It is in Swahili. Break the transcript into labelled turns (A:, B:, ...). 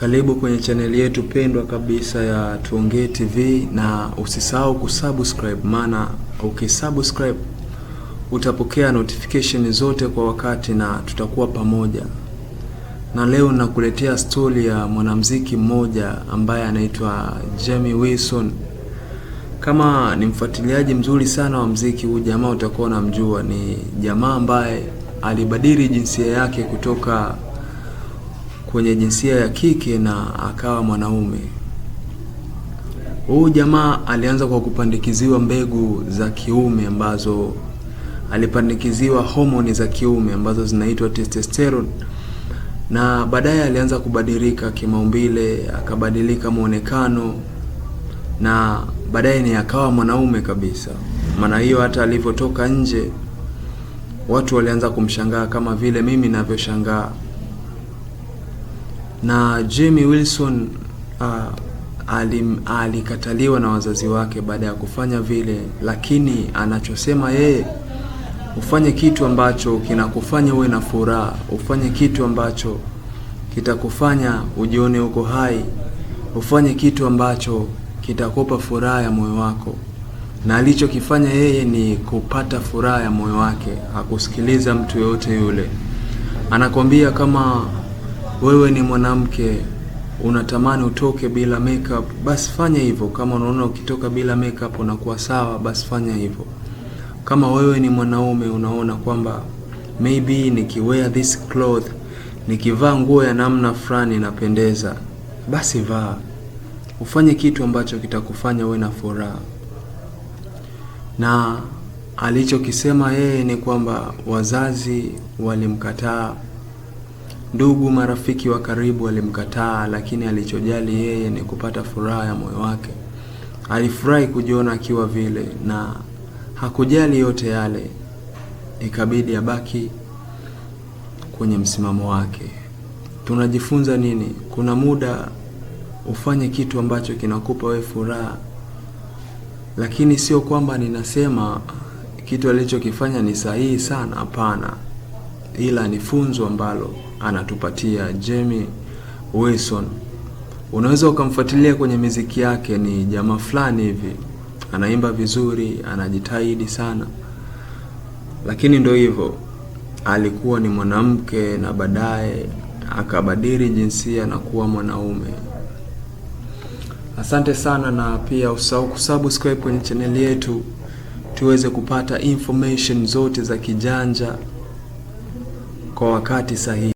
A: Karibu kwenye chaneli yetu pendwa kabisa ya Tuongee TV na usisahau kusubscribe, maana ukisubscribe utapokea notification zote kwa wakati na tutakuwa pamoja. Na leo nakuletea stori ya mwanamuziki mmoja ambaye anaitwa Jamie Wilson. Kama ni mfuatiliaji mzuri sana wa muziki huu jamaa, utakuwa unamjua. Ni jamaa ambaye alibadili jinsia yake kutoka kwenye jinsia ya kike na akawa mwanaume. Huyu jamaa alianza kwa kupandikiziwa mbegu za kiume ambazo alipandikiziwa homoni za kiume ambazo zinaitwa testosterone, na baadaye alianza kubadilika kimaumbile, akabadilika mwonekano na baadaye ni akawa mwanaume kabisa. Maana hiyo hata alivyotoka nje watu walianza kumshangaa kama vile mimi ninavyoshangaa na Jamie Wilson uh, alim, alikataliwa na wazazi wake baada ya kufanya vile, lakini anachosema yeye, ufanye kitu ambacho kinakufanya uwe na furaha, ufanye kitu ambacho kitakufanya ujione uko hai, ufanye kitu ambacho kitakupa furaha ya moyo wako. Na alichokifanya yeye ni kupata furaha ya moyo wake, hakusikiliza mtu yoyote yule. Anakwambia kama wewe ni mwanamke unatamani utoke bila makeup, basi fanya hivyo. Kama unaona ukitoka bila makeup unakuwa sawa, basi fanya hivyo. Kama wewe ni mwanaume unaona kwamba maybe nikiwear this cloth, nikivaa nguo ya namna fulani inapendeza, basi vaa, ufanye kitu ambacho kitakufanya uwe na furaha. Na alichokisema yeye ni kwamba wazazi walimkataa Ndugu, marafiki wa karibu walimkataa, lakini alichojali yeye ni kupata furaha ya moyo wake. Alifurahi kujiona akiwa vile na hakujali yote yale, ikabidi abaki kwenye msimamo wake. Tunajifunza nini? Kuna muda ufanye kitu ambacho kinakupa we furaha, lakini sio kwamba ninasema kitu alichokifanya ni sahihi sana. Hapana ila ni funzo ambalo anatupatia Jamie Wilson. Unaweza ukamfuatilia kwenye miziki yake, ni jamaa fulani hivi anaimba vizuri, anajitahidi sana, lakini ndio hivyo, alikuwa ni mwanamke na baadaye akabadili jinsia na kuwa mwanaume. Asante sana, na pia usahau kusubscribe kwenye chaneli yetu tuweze kupata information zote za kijanja kwa wakati sahihi.